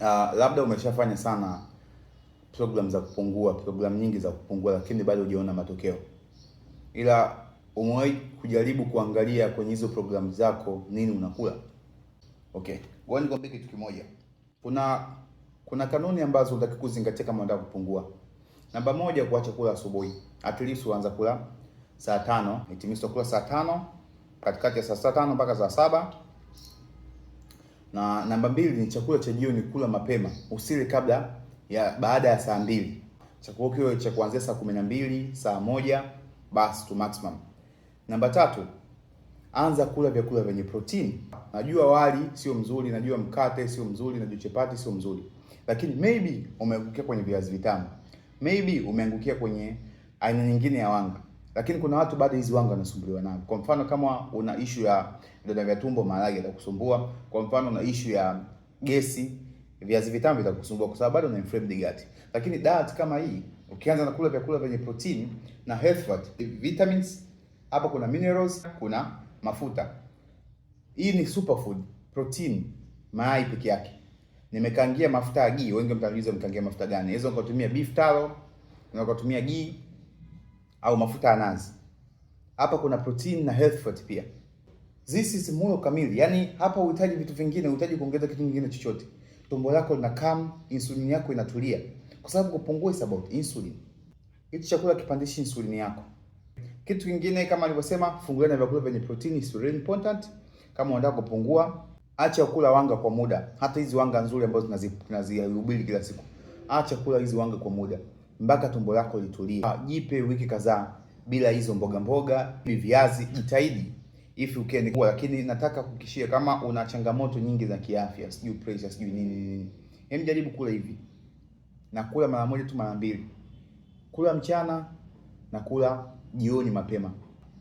uh, labda umeshafanya sana program za kupungua, program nyingi za kupungua, lakini bado hujaona matokeo, ila umewahi kujaribu kuangalia kwenye hizo program zako nini unakula? Okay, ngoja nikwambie kitu kimoja. Kuna kuna kanuni ambazo unataka kuzingatia kama unataka kupungua. Namba moja, kuacha kula asubuhi. At least uanza kula saa tano, itimisi kula saa tano, katikati ya saa tano mpaka saa saba na namba mbili ni chakula cha jioni, kula mapema, usile kabla ya baada ya saa mbili. Chakula kio cha kuanzia saa kumi na mbili, saa moja basi tu maximum. Namba tatu, anza kula vyakula vyenye protini. Najua wali sio mzuri, najua mkate sio mzuri, najua chapati sio mzuri, lakini maybe umeangukia kwenye viazi vitamu, maybe umeangukia kwenye aina nyingine ya wanga. Lakini kuna watu bado hizi wanga wanasumbuliwa nao. Kwa mfano kama una ishu ya vidonda vya tumbo, malaria itakusumbua. Kwa mfano una ishu ya gesi, viazi vitamu vitakusumbua kwa sababu bado una inflamed gut. Lakini diet kama hii ukianza na kula vyakula vyenye protein na health fat, vitamins, hapa kuna minerals, kuna mafuta. Hii ni superfood protein, mayai peke yake. Nimekaangia mafuta ya ghee, wengi mtaniuliza mkaangia mafuta gani? Hizo ukatumia beef tallow, kutumia ghee au mafuta ya nazi. Hapa kuna protein na health fat pia. This is mlo kamili, yaani hapa uhitaji vitu vingine, uhitaji kuongeza kitu kingine chochote. Tumbo lako lina calm, insulin yako inatulia, kwa sababu kupungua is about insulin. Hichi chakula kipandishi insulin yako. Kitu kingine kama alivyosema, fungulia na vyakula vyenye protein is really important. Kama unataka kupungua, acha kula wanga kwa muda, hata hizi wanga nzuri ambazo tunazihubiri kila siku. Acha kula hizi wanga kwa muda mpaka tumbo lako litulie. Ah, jipe wiki kadhaa bila hizo mboga mboga, hivi viazi, jitahidi if you can. Lakini nataka kukishia, kama una changamoto nyingi za kiafya, sijui pressure, sijui nini, hem, yaani jaribu kula hivi na kula mara moja tu mara mbili, kula mchana na kula jioni mapema.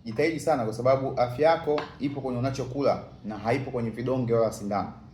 Jitahidi sana, kwa sababu afya yako ipo kwenye unachokula na haipo kwenye vidonge wala sindano.